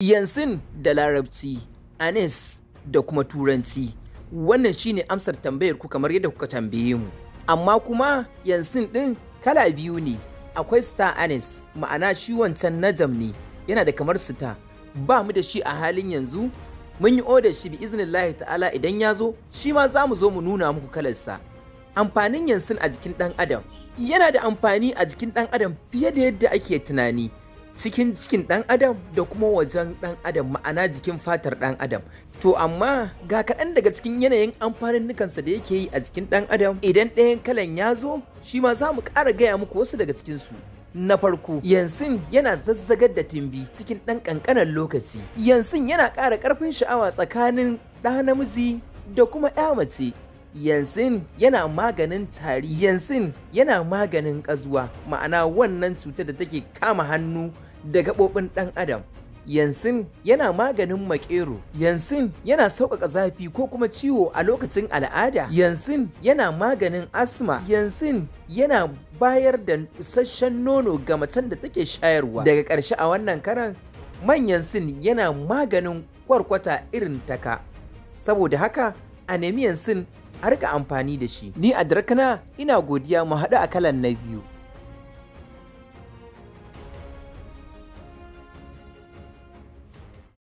Yansin da Larabci, Anis da kuma Turanci. Wannan shine amsar tambayar ku kamar yadda kuka tambaye mu. Amma kuma yansin ɗin kala biyu ne. Akwai star Anis, ma'ana shi wancan najam ne, yana da kamar Sita. Ba mu da shi a halin yanzu, mun yi odar shi bi iznillahi ta'ala idan ya zo, shi ma za mu zo mu nuna muku kalarsa. Amfanin yansin a jikin ɗan adam. Yana da amfani a jikin ɗan adam fiye da yadda ake tunani. cikin cikin ɗan adam da kuma wajen ɗan adam ma'ana jikin fatar ɗan adam to amma ga kaɗan daga cikin yanayin amfanin nukansa da yake yi a jikin ɗan adam idan ɗayan kalan ya zo shi ma za mu ƙara gaya muku wasu daga cikinsu na farko yansin yana zazzagar da timbi cikin ɗan ƙanƙanan lokaci yansin yana ƙara ƙarfin sha'awa tsakanin ɗa namiji da kuma 'ya mace yansin yana maganin tari yansin yana maganin ƙazuwa ma'ana wannan cutar da take kama hannu da gaɓoɓin ɗan adam yansin yana maganin makero yansin yana sauƙaƙa zafi ko kuma ciwo a lokacin al'ada yansin yana maganin asma yansin yana bayar da isasshen nono ga macen da take shayarwa daga ƙarshe a wannan karan manyan sin yana maganin kwarkwata irin taka saboda haka anemiyan sin a rika amfani da shi ni a drakana ina godiya mu haɗu a kalan na biyu